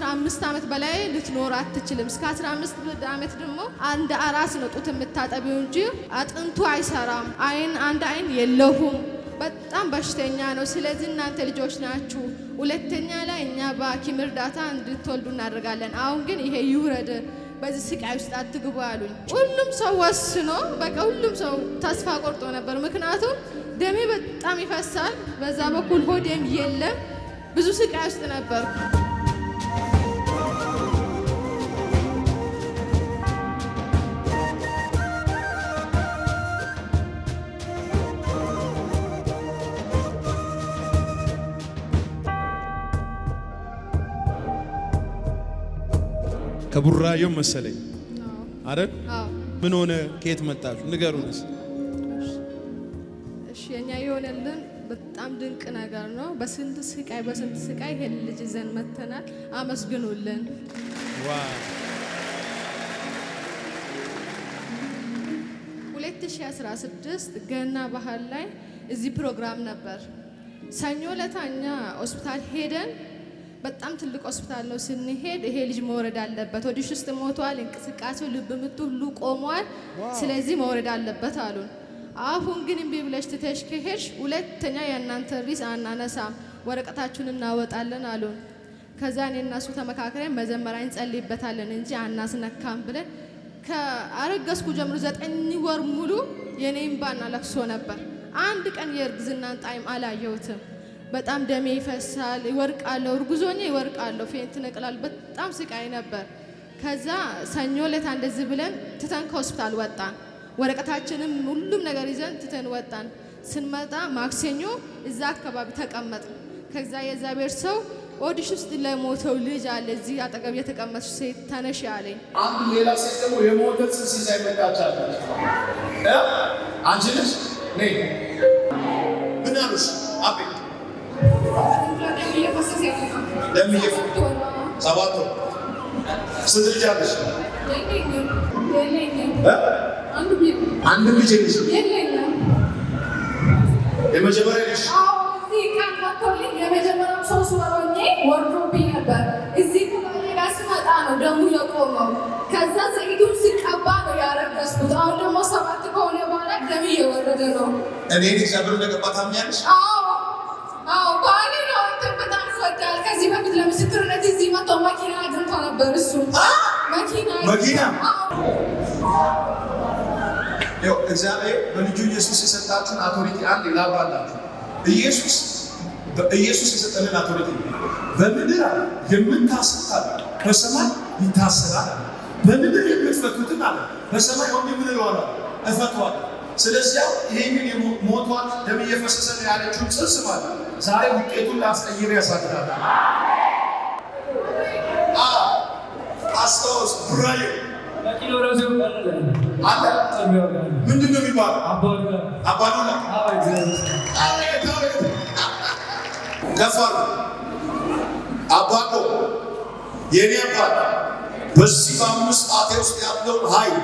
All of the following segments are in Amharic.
15 ዓመት በላይ ልትኖር አትችልም። እስከ 15 ዓመት ደግሞ አንድ አራስ ነው ጡት የምታጠቢው እንጂ አጥንቱ አይሰራም። አይን አንድ አይን የለሁም። በጣም በሽተኛ ነው። ስለዚህ እናንተ ልጆች ናችሁ። ሁለተኛ ላይ እኛ በሐኪም እርዳታ እንድትወልዱ እናደርጋለን። አሁን ግን ይሄ ይውረድ፣ በዚህ ስቃይ ውስጥ አትግቡ አሉኝ። ሁሉም ሰው ወስኖ በቃ ሁሉም ሰው ተስፋ ቆርጦ ነበር። ምክንያቱም ደሜ በጣም ይፈሳል፣ በዛ በኩል ሆዴም የለም። ብዙ ስቃይ ውስጥ ነበርኩ። ከቡራዮ መሰለኝ አረግ ምን ሆነ? ከየት መጣችሁ? ንገሩንስ። እሺ የኛ የሆነልን በጣም ድንቅ ነገር ነው። በስንት ስቃይ በስንት ስቃይ ይሄን ልጅ ይዘን መተናል። አመስግኑልን። ሁለት ሺህ አስራ ስድስት ገና ባህል ላይ እዚህ ፕሮግራም ነበር። ሰኞ ለታኛ ሆስፒታል ሄደን በጣም ትልቅ ሆስፒታል ነው። ስንሄድ ይሄ ልጅ መውረድ አለበት፣ ወዲሽ ውስጥ ሞቷል፣ እንቅስቃሴው ልብ ምቱ ሁሉ ቆሟል፣ ስለዚህ መውረድ አለበት አሉን። አሁን ግን እምቢ ብለሽ ትተሽ ከሄድሽ ሁለተኛ የእናንተ ሪስ አናነሳም፣ ወረቀታችሁን እናወጣለን አሉን። ከዛ እኔ እና እሱ ተመካክረን መጀመሪያ እንጸልይበታለን እንጂ አናስነካም ብለን ከአረገዝኩ ጀምሮ ዘጠኝ ወር ሙሉ የኔ እምባና ለቅሶ ነበር። አንድ ቀን የእርግዝናን ጣዕም አላየሁትም። በጣም ደሜ ይፈሳል፣ ይወርቃለሁ፣ እርጉዞኛ ይወርቃለሁ፣ ፌንት ነቅላል። በጣም ስቃይ ነበር። ከዛ ሰኞ ዕለት እንደዚህ ብለን ትተን ከሆስፒታል ወጣን። ወረቀታችንም ሁሉም ነገር ይዘን ትተን ወጣን። ስንመጣ ማክሰኞ እዛ አካባቢ ተቀመጥ። ከዛ የእግዚአብሔር ሰው ኦዲሽ ውስጥ ለሞተው ልጅ አለ እዚህ አጠገብ የተቀመጠች ሴት ተነሽ አለኝ። አንድ ሌላ ሴት ደግሞ የሞተ ጽንስ ይዛ ይመጣቻለ አንቺ ልጅ ምን አሉሽ አቤ ደም እየፈሰሰ ሰባት ወር ስንት ልጅ አለሽ? አንድ ልጅ ልጅ የመጀመሪያ ልጅ ነበር። እዚህ ነው ደሙ የቆመው። ከዛ ዘይቱን ሲቀባ ነው ያረገዝኩት። አሁን ደግሞ ሰባት ከሆነ በኋላ ደም እየወረደ ነው። እኔ እግዚአብሔር እንደገባ ታምኛለሽ? አዎ አዎ ባሌ ይወዳል። ከዚህ በፊት ለምስክርነት እዚህ መቶ መኪና አግኝቶ ነበር። እሱ መኪና እግዚአብሔር በልጁ ኢየሱስ የሰጣችሁን አውቶሪቲ አንድ ላብ ኢየሱስ ኢየሱስ የሰጠንን አውቶሪቲ በምድር አለ በሰማይ ይታሰራል። በምድር የምትፈቱትን አለ በሰማይ ወንድ ምድር ሆነ እፈቷል። ስለዚያው ይህንን ሞቷን ደም እየፈሰሰ ያለችውን ጽንስ ማለት ዛሬ ውጤቱን ላስቀይር ያሳድዳል። አስታውስ ቡራዩ ምንድን ነው የሚባለው? አባዱላ አባዶ የኔ አባት በዚህ በአምስት ሰዓቴ ውስጥ ያለውን ኃይል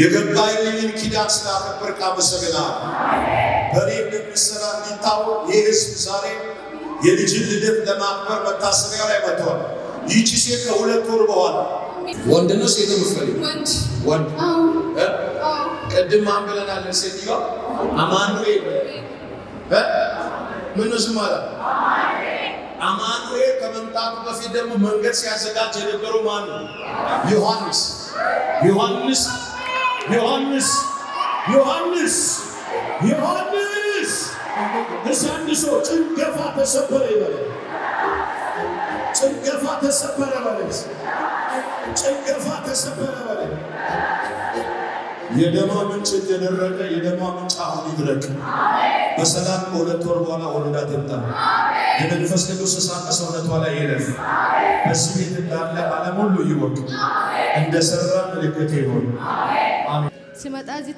የገባይልኝን ኪዳን ስላከበርክ አመሰግናለሁ። በእኔ እንደሚሰራ እንዲታወቅ ይህ ህዝብ ዛሬ የልጅን ልደት ለማክበር መታሰቢያ ላይ መጥተዋል። ይቺ ሴት ከሁለት ወር በኋላ ወንድ ነው ሴት የምትፈልግ ወንድ ቅድም አንብለናለን። ሴትዮዋ አማኑኤል ምን አለ። አማኑኤል ከመምጣቱ በፊት ደግሞ መንገድ ሲያዘጋጅ የነበረው ማን ነው? ዮሐንስ ዮሐንስ ዮሐንስ ዮሐንስ ዮሐንስ እስኪ ጭንገፋ ተሰበረ ይበላል። ጭንገፋ ተሰበረ ማለት ጭንገፋ ተሰበረ ማለት የደማ ምንጭ እየደረቀ የደማ ምንጭ አሁን ይድረቅ። በሰላም ከሁለት ወር በኋላ ወልዳ ትምጣ። የመንፈስ ቅዱስ እሳት ከሰውነቷ ላይ ይለፍ። በዚህ ቤት እንዳለ ዓለም ሁሉ ይወቅ። ምልክት ይሆን። እዚህ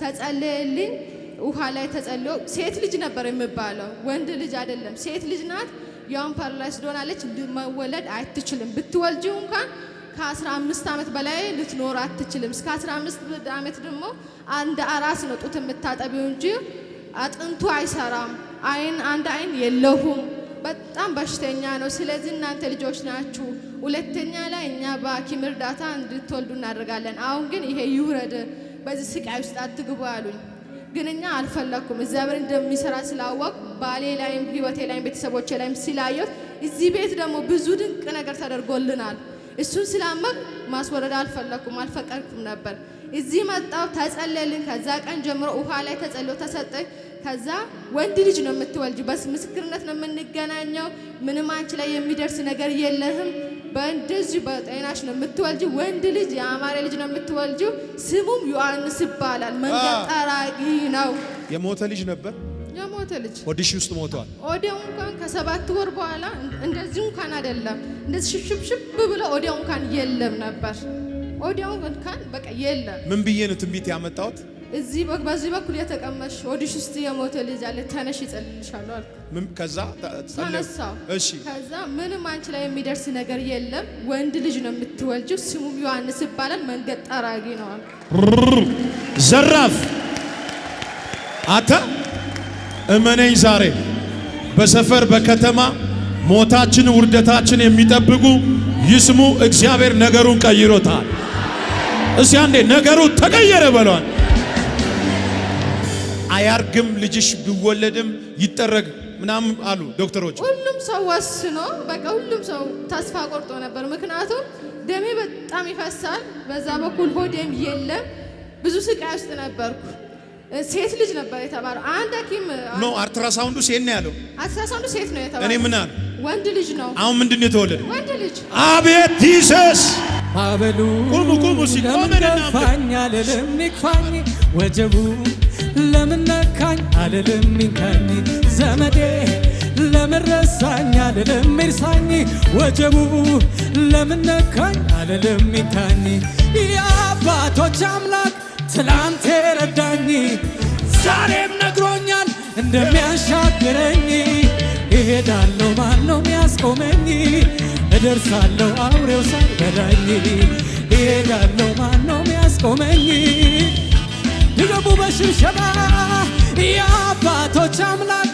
ውሃ ላይ ተጸልዮ ሴት ልጅ ነበር የሚባለው፣ ወንድ ልጅ አይደለም። ሴት ልጅ ናት። ያውን ፓራላይስ ዶናለች፣ መወለድ አትችልም። ብትወልጂ እንኳን ከ15 ዓመት በላይ ልትኖር አትችልም። እስከ 15 ዓመት ደግሞ አንድ አራስ ነው ጡት የምታጠቢው እንጂ አጥንቱ አይሰራም። አይን አንድ አይን የለሁም። በጣም በሽተኛ ነው። ስለዚህ እናንተ ልጆች ናችሁ። ሁለተኛ ላይ እኛ በሐኪም እርዳታ እንድትወልዱ እናደርጋለን። አሁን ግን ይሄ ይውረድ፣ በዚህ ስቃይ ውስጥ አትግቡ አሉኝ። ግን እኛ አልፈለኩም። እግዚአብሔር እንደሚሰራ ስላወቅ ባሌ ላይም ህይወቴ ላይም ቤተሰቦቼ ላይም ስላየሁት እዚህ ቤት ደግሞ ብዙ ድንቅ ነገር ተደርጎልናል። እሱን ስላመቅ ማስወረድ አልፈለኩም፣ አልፈቀድኩም ነበር። እዚህ መጣው ተጸለልን። ከዛ ቀን ጀምሮ ውሃ ላይ ተጸልዮ ተሰጠኝ። ከዛ ወንድ ልጅ ነው የምትወልጅ፣ ምስክርነት ነው የምንገናኘው። ምንም አንቺ ላይ የሚደርስ ነገር የለህም በእንደዚሁ በጤናሽ ነው የምትወልጂው። ወንድ ልጅ የአማሬ ልጅ ነው የምትወልጂው። ስሙም ዮሐንስ ይባላል። መንገድ ጠራጊ ነው። የሞተ ልጅ ነበር። የሞተ ልጅ ሆድሽ ውስጥ ሞቷል። ወዲያው እንኳን ከሰባት ወር በኋላ እንደዚሁ እንኳን አይደለም። እንደዚህ ሽብሽብ ብሎ ኦዲያው እንኳን የለም ነበር። ወዲያው እንኳን በቃ የለም። ምን ብዬ ነው ትንቢት ያመጣሁት? እዚህ በዚህ በኩል የተቀመሽ ወዲሽ ውስጥ የሞተ ልጅ አለ፣ ተነሽ ይጸልልሻለሁ አልኩ። ከዛ ተነሳው። እሺ። ከዛ ምንም አንቺ ላይ የሚደርስ ነገር የለም፣ ወንድ ልጅ ነው የምትወልጂው፣ ስሙም ዮሐንስ ይባላል፣ መንገድ ጠራጊ ነው አልኩ። ዘራፍ አተ እመነኝ፣ ዛሬ በሰፈር በከተማ ሞታችን ውርደታችን የሚጠብቁ ይስሙ። እግዚአብሔር ነገሩን ቀይሮታል። እስኪ አንዴ ነገሩ ተቀየረ በሏል። አያርግም ልጅሽ ቢወለድም ይጠረግ ምናምን አሉ ዶክተሮች። ሁሉም ሰው ወስኖ በቃ ሁሉም ሰው ተስፋ ቆርጦ ነበር። ምክንያቱም ደሜ በጣም ይፈሳል፣ በዛ በኩል ሆዴም የለም። ብዙ ስቃይ ውስጥ ነበርኩ። ሴት ልጅ ነበር የተባለው። አንድ ሐኪም ኖ አልትራሳውንዱ ሴት ነው ያለው። አልትራሳውንዱ ሴት ነው የተባለው። እኔ ምን አለ ወንድ ልጅ ነው። አሁን ምንድን ነው የተወለደ? ወንድ ልጅ። አቤት ጂሰስ አበሉ ቁሙ ቁሙ ሲቆመን እና ወጀቡ ለምነካኝ ነካኝ አልልም ይንካኝ ዘመዴ ለምረሳኝ ረሳኝ አልልም ይርሳኝ ወጀቡ ለምነካኝ ነካኝ አልልም ይንካኝ የአባቶች አምላክ ትላንቴ ረዳኝ ዛሬም ነግሮኛል እንደሚያሻግረኝ እሄዳለሁ ማነው ሚያስቆመኝ እደርሳለሁ አውሬው ሳይበላኝ እሄዳለሁ ማነው የሚያስቆመኝ! በደሙ በሽብሸባ የአባቶች አምላክ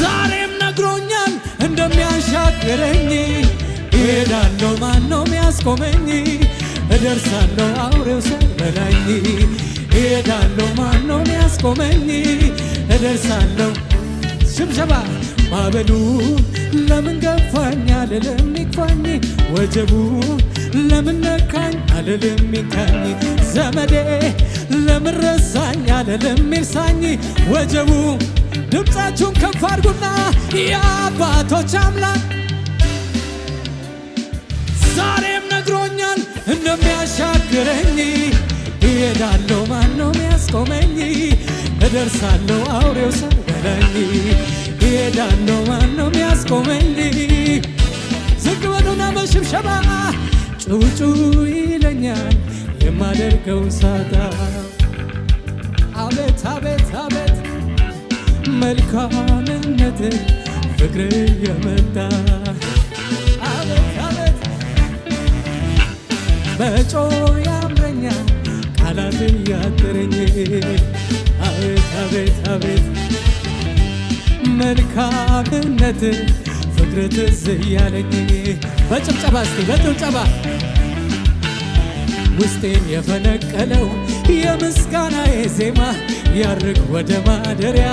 ዛሬም ነግሮኛል እንደሚያሻግረኝ እሄዳለሁ ማነው ሚያስቆመኝ እደርሳለሁ አውሬው ሰበላኝ እሄዳለሁ ማነው ሚያስቆመኝ እደርሳለሁ ሽብሸባ ማበሉ ለምን ገፋኛል ለሚግፋኝ ወጀቡ ለምነካኝ ነካኝ አልልም ይንካኝ ዘመዴ ለምረሳኝ ረሳኝ አልልም ይርሳኝ ወጀቡ ድምፃችሁን ከፍ አድርጉና የአባቶች አምላክ ዛሬም ነግሮኛል እንደሚያሻግረኝ እሄዳለሁ ማነው የሚያስቆመኝ እደርሳለሁ አውሬው ሰበለኝ እሄዳለሁ ማነው የሚያስቆመኝ ዝቅ በሉና በሽብሸባ ጩጩ ይለኛል የማደርገው ሳጣ አቤት አቤት አቤት መልካምነት ፍቅር የመጣ አቤት አቤት በጮ ያምረኛ ቃላት ያጥረኝ አቤት አቤት አቤት መልካምነት ፍቅር ትዝ እያለኝ በጭብጨባ እስቲ በጭብጨባ ውስጤን የፈነቀለው የምስጋና ዜማ ያርግ ወደ ማደሪያ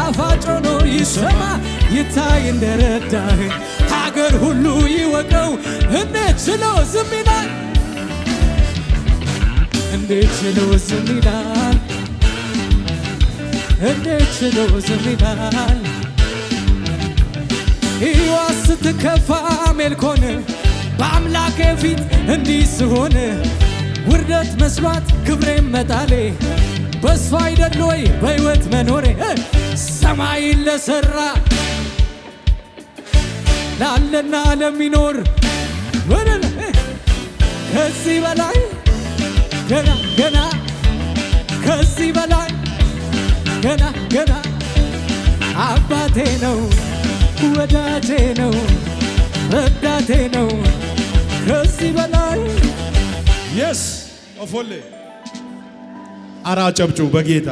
ጣፋጭ ሆኖ ይሰማ ይታይ እንደረዳህ ሀገር ሁሉ ይወቀው እንዴት ችሎ ዝም ይላል እንዴት ችሎ ዝም ይላል እንዴት ችሎ ዝም ይላል ሕይወት ስትከፋ ሜልኮን በአምላኬ ፊት እንዲህ ስሆን ውርደት መስሏት ክብሬም መጣሌ በሷ አይደል ወይ በሕይወት መኖሬ ሰማይን ለሠራ ላለና ለሚኖር ከዚህ በላይ ገና ገና ከዚህ በላይ ገና ገና አባቴ ነው ወዳጄ ነው ረዳቴ ነው ከዚህ በላይ የስ ኦፎሌ አራ ጨብጩ በጌታ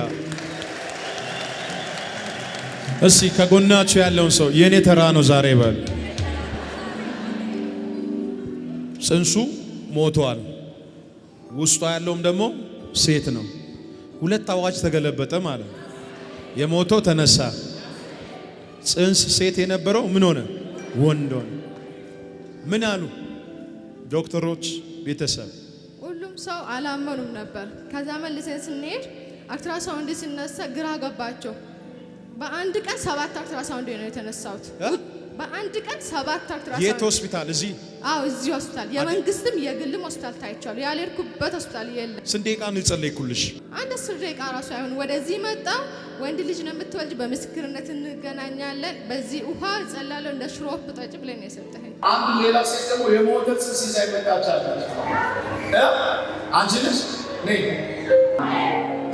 እስቲ ከጎናችሁ ያለውን ሰው የእኔ ተራ ነው ዛሬ በል። ጽንሱ ሞቷል። ውስጧ ያለውም ደግሞ ሴት ነው። ሁለት አዋጅ ተገለበጠ ማለት የሞተው ተነሳ ጽንስ ሴት የነበረው ምን ሆነ? ወንድ ሆነ። ምን አሉ ዶክተሮች? ቤተሰብ ሁሉም ሰው አላመኑም ነበር። ከዛ መልሰን ስንሄድ አልትራሳውንድ ሲነሳ ግራ ገባቸው። በአንድ ቀን ሰባት አልትራሳውንድ ነው የተነሳሁት። በአንድ ቀን ሰባት አልትራሳውንድ የት ሆስፒታል? እዚህ አዎ እዚህ ሆስፒታል የመንግስትም የግልም ሆስፒታል ታይቻለሁ። ያልሄድኩበት ሆስፒታል የለም። ስንት ደቂቃ ነው የጸለይኩልሽ? አንድ አስር ደቂቃ ራሱ አይሆን ወደዚህ መጣ ወንድ ልጅ ነው የምትወልጅ፣ በምስክርነት እንገናኛለን። በዚህ ውሃ ጸላለሁ። እንደ ሽሮ ጠጭ ብለን የሰጠህን አንድ ሌላ ሴት ደግሞ የሞተ ጽንስ ይዛ ይመጣቻለ። አንቺ ልጅ ነይ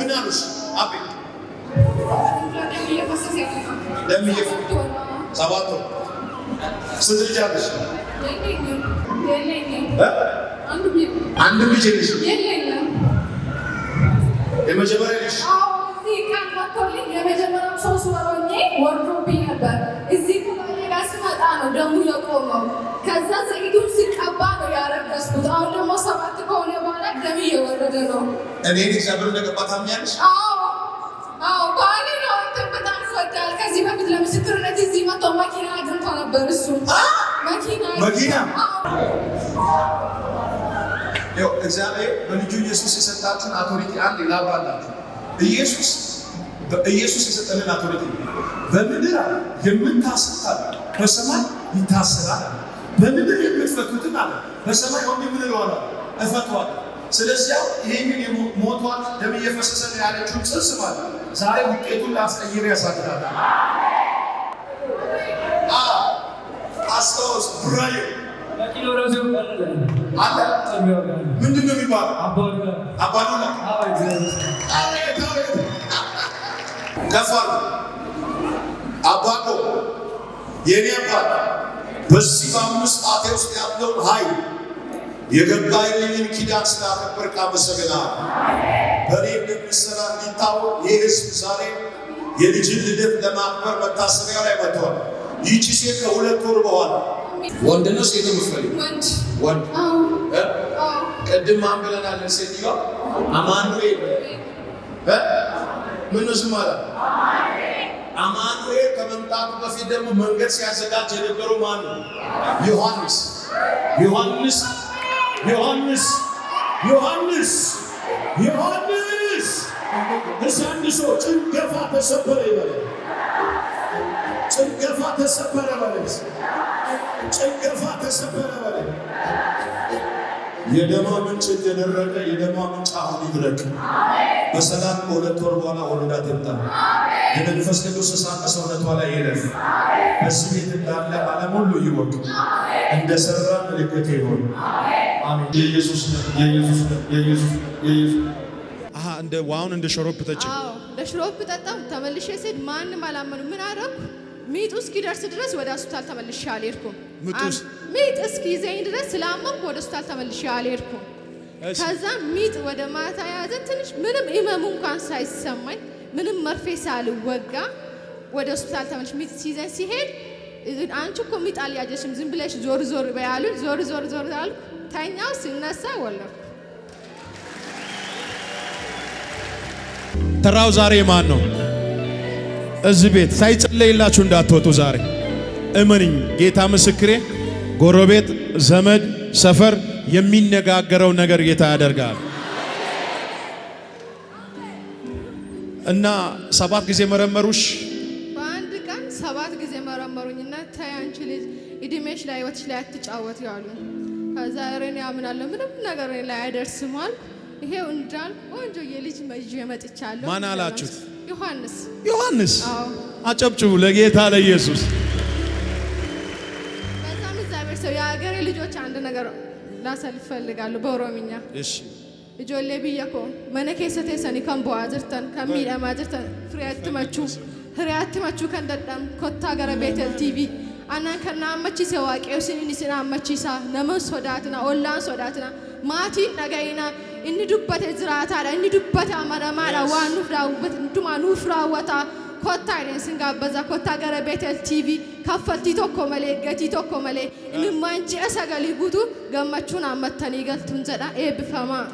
ምን አሉሽ? አቤ ደም እየፈሰሰ ሰባት ስንት ልጅ አለሽ? አንድ ልጅ ልጅ የመጀመሪያ ልጅ የመጀመሪያው ሰው ስለሆኜ ወርዶብኝ ነበር። እዚህ ኩባሌላ ስመጣ ነው ደሙ የቆመው። ከዛ ዘይቱን ስቀባ ነው ያረገዝኩት። አሁን ደግሞ ሰባት ከሆነ በኋላ ደም እየወረደ ነው። እኔ እግዚአብሔር እንደገባ ታምኛለሽ? አዎ አዎ፣ ባሌ ነው ይወዳል። ከዚህ በፊት ለምስክርነት እዚህ መቶ መኪና አግኝቶ ነበር። እሱ መኪና እግዚአብሔር በልጁ ኢየሱስ የሰጣችሁን አውቶሪቲ አንድ ላብ ኢየሱስ በኢየሱስ የሰጠንን አውቶሪቲ በምድር አለ የምታስሩት አለ በሰማይ ይታሰራል። በምድር የምትፈቱትን አለ በሰማይ ወንድ ምድር ሆነ እፈቷል። ስለዚያው ይህንን የሞቷት ደም እየፈሰሰ ያለችውን ጽንስ ማለት ዛሬ ውጤቱን ላስቀይር ያሳድጋል። አስታውስ ብራዩ አለ ምንድን ነው የሚባለው? አባዶ የኔ አባት በዚህ በአምስት ጣቴ ውስጥ ያለውን ኃይል የገባይልኝን ኪዳን ስላከበርክ አመሰግናለሁ። በእኔ እንደሚሰራ እንዲታወቅ ይህ ህዝብ ዛሬ የልጅን ልደት ለማክበር መታሰቢያ ላይ መጥቷል። ይቺ ሴት ከሁለት ወር በኋላ ወንድ ነው ሴት የምትፈልግ ወንድ ቅድም ማን ብለናለን? ሴትዮዋ አማኑኤል ምን ዝም አለ። አማኑኤል ከመምጣቱ በፊት ደግሞ መንገድ ሲያዘጋጅ የነበረው ማን ነው? ዮሐንስ ዮሐንስ ዮሐንስ ዮሐንስ ዮሐንስ እስኪ አንድ ሰው ጭንገፋ ተሰበረ ይበላል። ጭንገፋ ተሰበረ በለስ ጭንገፋ ተሰበረ በለስ የደማ ምንጭ እየደረቀ የደማ ምንጭ አሁን ይድረቅ። በሰላም ከሁለት ወር በኋላ ወልዳ ትምጣ። የመንፈስ ቅዱስ እሳት ከሰውነቷ ላይ ይለፍ። በዚህ ቤት እንዳለ ዓለም ሁሉ ይወቅ። እንደ ሠራ ምልክት ይሆን እንደ ዋውን እንደ ሾሮፕ ጠጭ ለሾሮፕ ጠጣሁ። ተመልሼ ስሄድ ማንም አላመኑ። ምን አደረኩ? ሚጡ እስኪደርስ ድረስ ወደ ሆስፒታል ተመልሼ አልሄድኩም። ሚጥ እስኪይዘኝ ድረስ ስላመንኩ ወደ ሆስፒታል ተመልሼ አልሄድኩም። ከዛ ሚጥ ወደ ማታ ያዘ። ትንሽ ምንም እመሙ እንኳን ሳይሰማኝ ምንም መርፌ ሳልወጋ ወደ ሆስፒታል ተመልሼ ሚጥ ሲይዘኝ ሲሄድ አንቺ እኮ ሚጥ አልያዘሽም ዝም ብለሽ ዞር ዞር በያሉን ዞር ዞር ዞር አልኩ። ተኛው፣ ሲነሳ ወለድኩ። ተራው ዛሬ ማን ነው? እዚህ ቤት ሳይጸለይላችሁ እንዳትወጡ። ዛሬ እመንኝ፣ ጌታ ምስክሬ፣ ጎረቤት፣ ዘመድ፣ ሰፈር የሚነጋገረው ነገር ጌታ ያደርጋል። እና ሰባት ጊዜ መረመሩሽ። በአንድ ቀን ሰባት ጊዜ መረመሩኝና ተይ አንቺ ልጅ እድሜሽ ላይ ህይወትሽ ላይ አትጫወት ያሉኝ ከዛ ረኔ አምናለሁ ምንም ነገር ላይ አይደርስም አልኩ። ይሄው እንዳል ቆንጆ የልጅ መጅ የመጥቻለሁ። ማን አላችሁት? ዮሐንስ ዮሐንስ። አጨብጭቡ ለጌታ ለኢየሱስ። በጣም እግዚአብሔር ሰው የአገሬ ልጆች አንድ ነገር ላሰል ፈልጋለሁ በኦሮምኛ። እሺ እጆሌ ብየኮ መነኬሰቴ ሰኒ ከንቦ አዝርተን ከሚለም አዝርተን ፍሬያትመቹ ፍሬያትመቹ ከንደዳም ኮታ ገረ ቤተል ቲቪ Aannan kan na ammachiise waaqayyo isiniin isin ammachiisa. Nama sodaatina, ollaan sodaatina, maatiin dhaga'ina. Inni dubbate jiraataadha. Inni dubbate amanamaadha. Waan nuuf raawwate hundumaa nuuf raawwata. Kottaa inni isin gaabbaza. Kottaa gara Beetel TV kaffaltii tokko malee gatii tokko malee inni waan ji'a sagalii guutuu gammachuun ammattanii galtuun jedha eebbifamaa.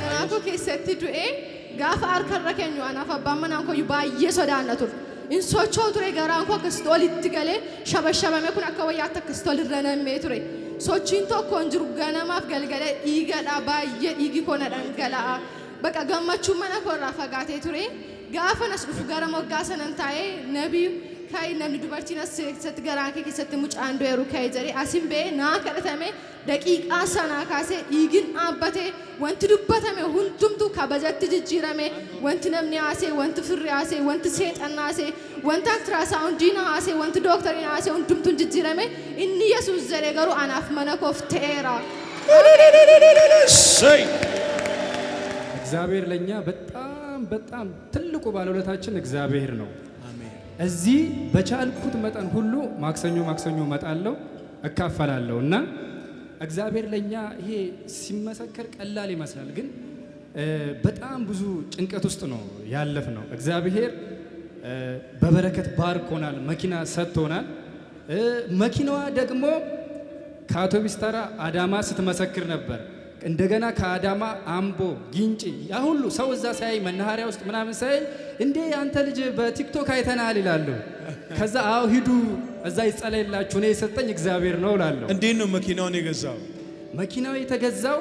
Kanaafuu keessatti du'ee gaafa harkarra keenya anaaf abbaan manaan koyyuu baay'ee sodaanna ture. Insochoo ture garaan koo akkasii olitti galee shabashabame kun akka wayyaatti akkasii olirra namee ture. Sochiin tokkoon jiru ganamaaf galgalee dhiigadha baay'ee dhiigi koo na dhangala'a. Baqa gammachuun mana koo irraa fagaatee ture. Gaafa nas dhufu gara moggaa sanan taa'ee nabii Kan namni dubartiin as keessatti garaa kee keessatti mucaan du'eeru ka'ee jedhee asin ba'ee naa kadhatame daqiiqaa sanaa kaasee dhiigin dhaabbatee wanti dubbatame hundumtu kabajatti jijjiirame wanti namni haasee wanti firri haasee wanti seexan haasee wanti altiraasawundiin haasee wanti dooktoriin haasee hundumtu jijjiirame inni yesuus jedhee garuu anaaf mana koof ta'eera. እግዚአብሔር ለእኛ በጣም በጣም ትልቁ ባለውለታችን እግዚአብሔር ነው። እዚህ በቻልኩት መጠን ሁሉ ማክሰኞ ማክሰኞ እመጣለሁ እካፈላለሁ እና እግዚአብሔር ለእኛ ይሄ ሲመሰከር ቀላል ይመስላል፣ ግን በጣም ብዙ ጭንቀት ውስጥ ነው ያለፍ ነው። እግዚአብሔር በበረከት ባርኮናል፣ መኪና ሰጥቶናል። መኪናዋ ደግሞ ከአውቶቢስ ተራ አዳማ ስትመሰክር ነበር። እንደገና ከአዳማ አምቦ፣ ግንጭ ያ ሁሉ ሰው እዛ ሳይ መናኸሪያ ውስጥ ምናምን ሳይ እንዴ አንተ ልጅ በቲክቶክ አይተናል ይላሉ። ከዛ አዎ ሂዱ እዛ ይጸለይላችሁ እኔ የሰጠኝ እግዚአብሔር ነው እላለሁ። እንዴት ነው መኪናውን የገዛው? መኪናው የተገዛው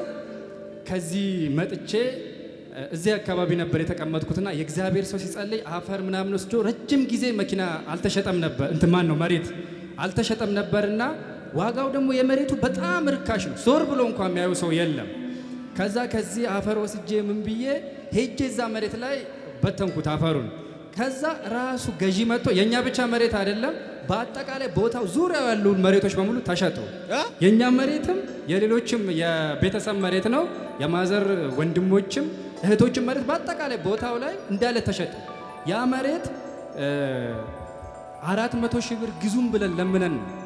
ከዚህ መጥቼ እዚህ አካባቢ ነበር የተቀመጥኩትና የእግዚአብሔር ሰው ሲጸልይ አፈር ምናምን ወስዶ ረጅም ጊዜ መኪና አልተሸጠም ነበር እንትማን ነው መሬት አልተሸጠም ነበርና ዋጋው ደግሞ የመሬቱ በጣም ርካሽ ነው። ዞር ብሎ እንኳ የሚያዩ ሰው የለም። ከዛ ከዚህ አፈር ወስጄ ምን ብዬ ሄጄ እዛ መሬት ላይ በተንኩት አፈሩን። ከዛ ራሱ ገዢ መጥቶ የእኛ ብቻ መሬት አይደለም፣ በአጠቃላይ ቦታው ዙሪያው ያሉን መሬቶች በሙሉ ተሸጡ። የእኛ መሬትም የሌሎችም የቤተሰብ መሬት ነው። የማዘር ወንድሞችም እህቶችም መሬት በአጠቃላይ ቦታው ላይ እንዳለ ተሸጠ። ያ መሬት አራት መቶ ሺህ ብር ግዙም ብለን ለምነን ነው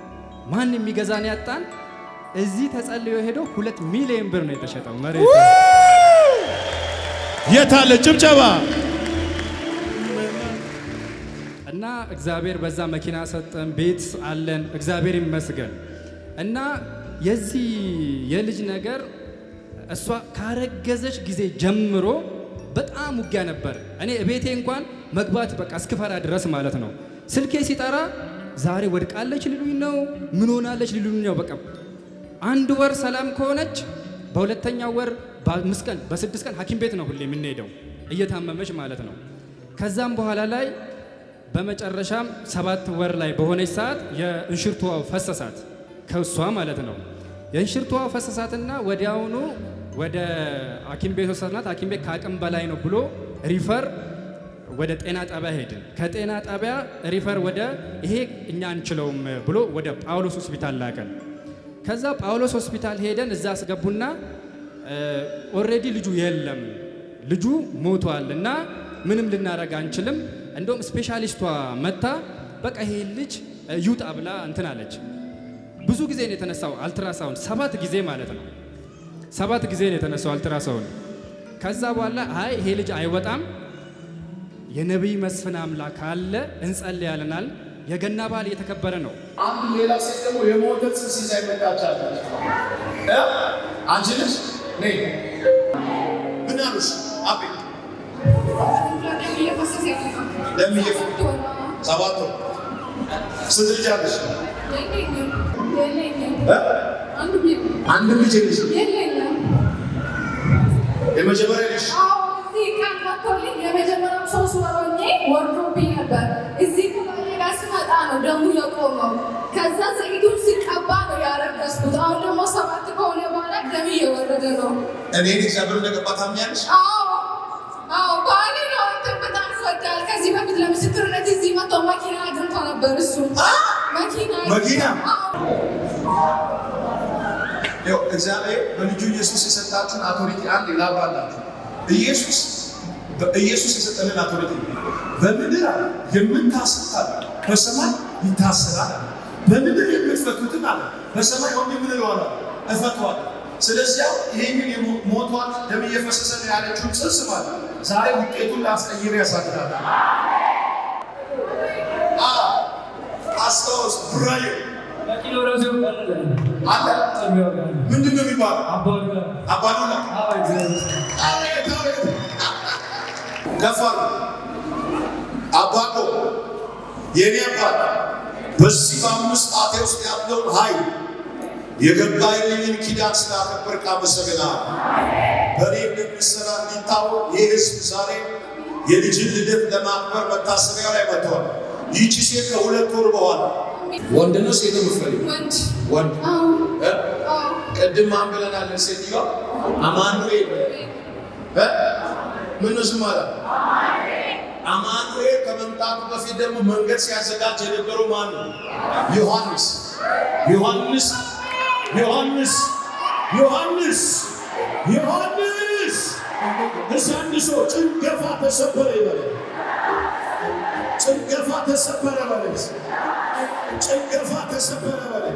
ማን የሚገዛን ያጣን እዚህ ተጸልዮ ሄዶ ሁለት ሚሊዮን ብር ነው የተሸጠው። መሬት የታለ ጭብጨባ እና እግዚአብሔር በዛ መኪና ሰጠን፣ ቤት አለን። እግዚአብሔር ይመስገን እና የዚህ የልጅ ነገር እሷ ካረገዘች ጊዜ ጀምሮ በጣም ውጊያ ነበር። እኔ ቤቴ እንኳን መግባት በቃ እስክፈራ ድረስ ማለት ነው ስልኬ ሲጠራ ዛሬ ወድቃለች ልሉኝ ነው፣ ምን ሆናለች ልሉኝ ነው። በቃ አንድ ወር ሰላም ከሆነች በሁለተኛው ወር በአምስት ቀን በስድስት ቀን ሐኪም ቤት ነው ሁሌ የምንሄደው እየታመመች ማለት ነው። ከዛም በኋላ ላይ በመጨረሻም ሰባት ወር ላይ በሆነች ሰዓት የእንሽርቷ ፈሰሳት ከእሷ ማለት ነው። የእንሽርቷ ፈሰሳትና ወዲያውኑ ወደ ሐኪም ቤት ወሰድናት። ሐኪም ቤት ከአቅም በላይ ነው ብሎ ሪፈር ወደ ጤና ጣቢያ ሄድን። ከጤና ጣቢያ ሪፈር ወደ ይሄ እኛ አንችለውም ብሎ ወደ ጳውሎስ ሆስፒታል ላከን። ከዛ ጳውሎስ ሆስፒታል ሄደን እዛ አስገቡና ኦልሬዲ ልጁ የለም ልጁ ሞቷል እና ምንም ልናደርግ አንችልም። እንደውም ስፔሻሊስቷ መታ በቃ ይሄ ልጅ ይውጣ ብላ እንትን አለች። ብዙ ጊዜ ነው የተነሳው አልትራሳውንድ ሰባት ጊዜ ማለት ነው። ሰባት ጊዜ ነው የተነሳው አልትራሳውንድ። ከዛ በኋላ አይ ይሄ ልጅ አይወጣም የነቢይ መስፍን አምላክ አለ እንጸልያለናል። የገና በዓል እየተከበረ ነው። አንድ ሌላ ሴት ደግሞ የሞተ ጽንስ ይዛ ይመጣቻለች። አንቺ ነሽ ምን አሉሽ? አቤ ደም ሰባት ስንት ልጅ አለሽ? አንድ ልጅ ልጅ የመጀመሪያ ልጅ የመጀመሪያ ሶስት ወር ሆኜ ወርዶብኝ ነበር። እዚህ ከባሌ ጋር ስመጣ ነው ደሙ የቆመው። ከዛ ዘይቱን ሲቀባ ነው ያረገዝኩት። አሁን ደግሞ ሰባት ከሆነ በኋላ ደም እየወረደ ነው። እኔ እግዚአብሔር እንደገባ ታምኛለሽ? አዎ አዎ። ባሌ ነው እንትን በጣም ይወዳል። ከዚህ በፊት ለምስክርነት እዚህ መጥቶ መኪና አግኝቶ ነበር። እሱ መኪና መኪና እግዚአብሔር በልጁ ኢየሱስ የሰጣችሁን አውቶሪቲ አንድ ላባላችሁ ኢየሱስ በኢየሱስ የሰጠንን አውቶሪቲ በምድር አለ የምታስሩት በሰማይ ይታሰራል። በምድር የምትፈቱትን አለ በሰማይ ሆን የምንለዋለ እፈቷል። ስለዚያው ይህንን የሞቷት ደም እየፈሰሰ ነው ያለችውን ጽንስ ማለት ዛሬ ውጤቱን ላስቀይር ያሳድጋል። አስታወስ ብራዩ ምንድን ነው የሚባለው? አባዱላ ገፈር አባቆ የኔ አባት በዚህ በአምስት አቴ ውስጥ ያለውን ኃይል የገባይልኝን ኪዳን ስላከበር አመሰግናለሁ። በእኔ እንደሚሰራ እንዲታወቅ ይህ ህዝብ ዛሬ የልጅን ልደት ለማክበር መታሰቢያ ላይ መጥተዋል። ይህቺ ሴት ከሁለት ወር በኋላ ወንድ ነው ሴት ምፈል ወንድ ቅድም ማን ብለናል? ሴትዮዋ አማኑኤል ምን ስም አለ አማኑኤል። ከመምጣቱ በፊት ደግሞ መንገድ ሲያዘጋጅ የነበረው ማን ነው? ዮሐንስ ዮሐንስ ዮሐንስ ዮሐንስ ዮሐንስ እሳንድ ሰው ጭንገፋ ተሰበረ ይበላል። ጭንገፋ ተሰበረ ማለት ጭንገፋ ተሰበረ ማለት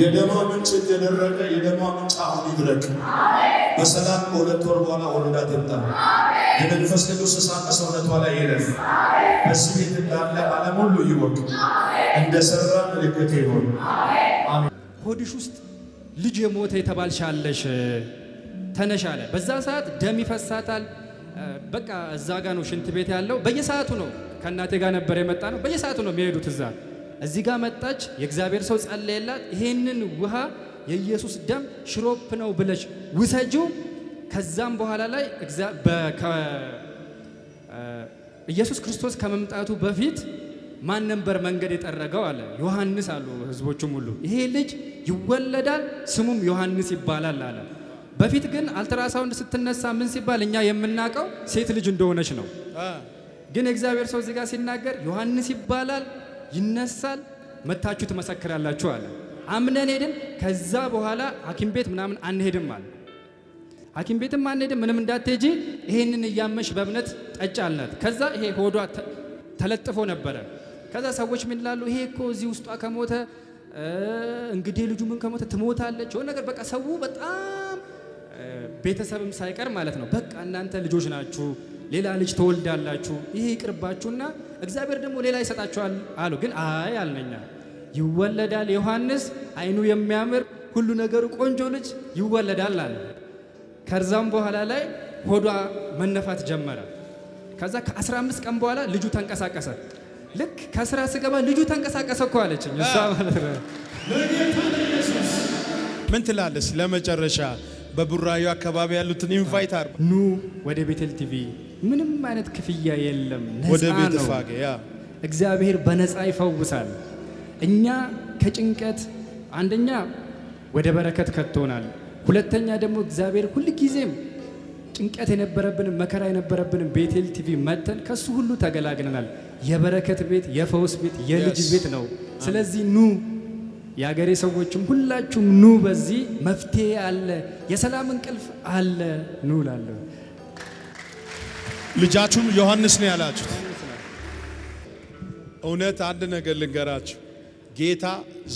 የደማ ምንጭ የተደረቀ የደማ ምንጭ አሁን ይድረቅ። በሰላም ከሁለት ወር በኋላ ወልዳ ትምጣ። የመንፈስ ቅዱስ እሳት ከሰውነቷ ላይ ይለፍ። በዚህ ቤት እንዳለ ዓለም ሁሉ ይወቅ። እንደ ሰራ ምልክት ይሆን። ሆድሽ ውስጥ ልጅ የሞተ የተባልሻለሽ ተነሻለ። በዛ ሰዓት ደም ይፈሳታል። በቃ እዛ ጋ ነው ሽንት ቤት ያለው። በየሰዓቱ ነው። ከእናቴ ጋር ነበር የመጣ ነው። በየሰዓቱ ነው የሚሄዱት እዛ እዚህ ጋር መጣች። የእግዚአብሔር ሰው ጸለየላት። ይሄንን ውሃ የኢየሱስ ደም ሽሮፕ ነው ብለሽ ውሰጁ። ከዛም በኋላ ላይ ኢየሱስ ክርስቶስ ከመምጣቱ በፊት ማን ነበር መንገድ የጠረገው? አለ ዮሐንስ አሉ ህዝቦቹም ሁሉ። ይሄ ልጅ ይወለዳል ስሙም ዮሐንስ ይባላል አለ። በፊት ግን አልትራሳውንድ ስትነሳ ምን ሲባል እኛ የምናውቀው ሴት ልጅ እንደሆነች ነው። ግን እግዚአብሔር ሰው እዚህ ጋር ሲናገር ዮሐንስ ይባላል ይነሳል፣ መታችሁ ትመሰክራላችሁ አለ። አምነን ሄድን። ከዛ በኋላ ሐኪም ቤት ምናምን አንሄድም አለ። ሐኪም ቤትም አንሄድም ምንም እንዳትሄጂ፣ ይሄንን እያመሽ በእምነት ጠጭ አልናት። ከዛ ይሄ ሆዷ ተለጥፎ ነበረ። ከዛ ሰዎች ምን ይላሉ? ይሄ እኮ እዚህ ውስጧ ከሞተ እንግዲህ ልጁ ምን ከሞተ ትሞታለች። የሆነ ነገር በቃ ሰው በጣም ቤተሰብም ሳይቀር ማለት ነው በቃ እናንተ ልጆች ናችሁ፣ ሌላ ልጅ ትወልዳላችሁ፣ ይሄ ይቅርባችሁና እግዚአብሔር ደግሞ ሌላ ይሰጣቸዋል አሉ። ግን አይ አልነኛ ይወለዳል ዮሐንስ አይኑ የሚያምር ሁሉ ነገሩ ቆንጆ ልጅ ይወለዳል አለ። ከዛም በኋላ ላይ ሆዷ መነፋት ጀመረ። ከዛ ከ15 ቀን በኋላ ልጁ ተንቀሳቀሰ። ልክ ከስራ ስገባ ልጁ ተንቀሳቀሰ እኮ አለችኝ እዛ ማለት ነው። ምን ትላለች? ለመጨረሻ በቡራዩ አካባቢ ያሉትን ኢንቫይት አርባ ኑ ወደ ቤቴል ቲቪ ምንም አይነት ክፍያ የለም። ነፃ ነው። እግዚአብሔር በነፃ ይፈውሳል። እኛ ከጭንቀት አንደኛ ወደ በረከት ከቶናል። ሁለተኛ ደግሞ እግዚአብሔር ጊዜም ጭንቀት የነበረብንም መከራ የነበረብንም ቤቴል ቲቪ መተን ከሱ ሁሉ ተገላግለናል። የበረከት ቤት፣ የፈውስ ቤት፣ የልጅ ቤት ነው። ስለዚህ ኑ የአገሬ ሰዎችም ሁላችሁም ኑ፣ በዚህ መፍትሄ አለ፣ የሰላም እንቅልፍ አለ፣ ኑ እላለሁ። ልጃችሁም ዮሐንስ ነው ያላችሁት። እውነት አንድ ነገር ልንገራችሁ፣ ጌታ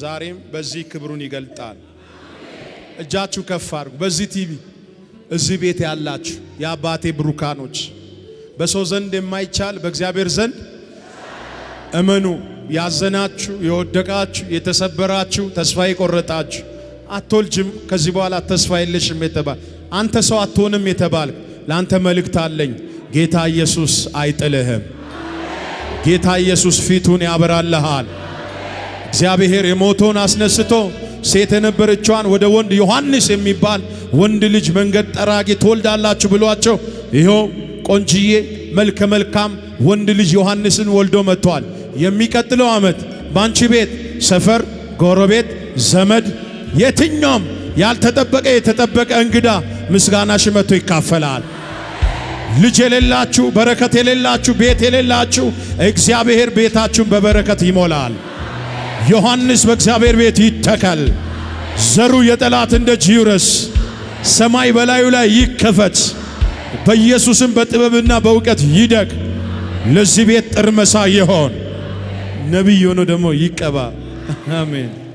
ዛሬም በዚህ ክብሩን ይገልጣል። እጃችሁ ከፍ አድርጉ። በዚህ ቲቪ እዚህ ቤት ያላችሁ የአባቴ ብሩካኖች፣ በሰው ዘንድ የማይቻል በእግዚአብሔር ዘንድ እመኑ። ያዘናችሁ፣ የወደቃችሁ፣ የተሰበራችሁ፣ ተስፋ የቆረጣችሁ አትወልጅም፣ ከዚህ በኋላ ተስፋ የለሽም የተባል አንተ ሰው አትሆንም የተባል ለአንተ መልእክት አለኝ። ጌታ ኢየሱስ አይጥልህም። ጌታ ኢየሱስ ፊቱን ያበራልሃል። እግዚአብሔር የሞቶን አስነስቶ ሴት የነበረችዋን ወደ ወንድ ዮሐንስ የሚባል ወንድ ልጅ መንገድ ጠራጊ ትወልዳላችሁ ብሏቸው ይኸው ቆንጅዬ መልከ መልካም ወንድ ልጅ ዮሐንስን ወልዶ መጥቷል። የሚቀጥለው ዓመት ባንቺ ቤት፣ ሰፈር፣ ጎረቤት፣ ዘመድ የትኛውም ያልተጠበቀ የተጠበቀ እንግዳ ምስጋናሽ መጥቶ ይካፈላል። ልጅ የሌላችሁ በረከት የሌላችሁ ቤት የሌላችሁ እግዚአብሔር ቤታችሁን በበረከት ይሞላል። ዮሐንስ በእግዚአብሔር ቤት ይተካል። ዘሩ የጠላት እንደ ይውረስ። ሰማይ በላዩ ላይ ይከፈት። በኢየሱስም በጥበብና በእውቀት ይደግ። ለዚህ ቤት ጥርመሳ ይሆን ነቢይ ሆኖ ደግሞ ይቀባ። አሜን።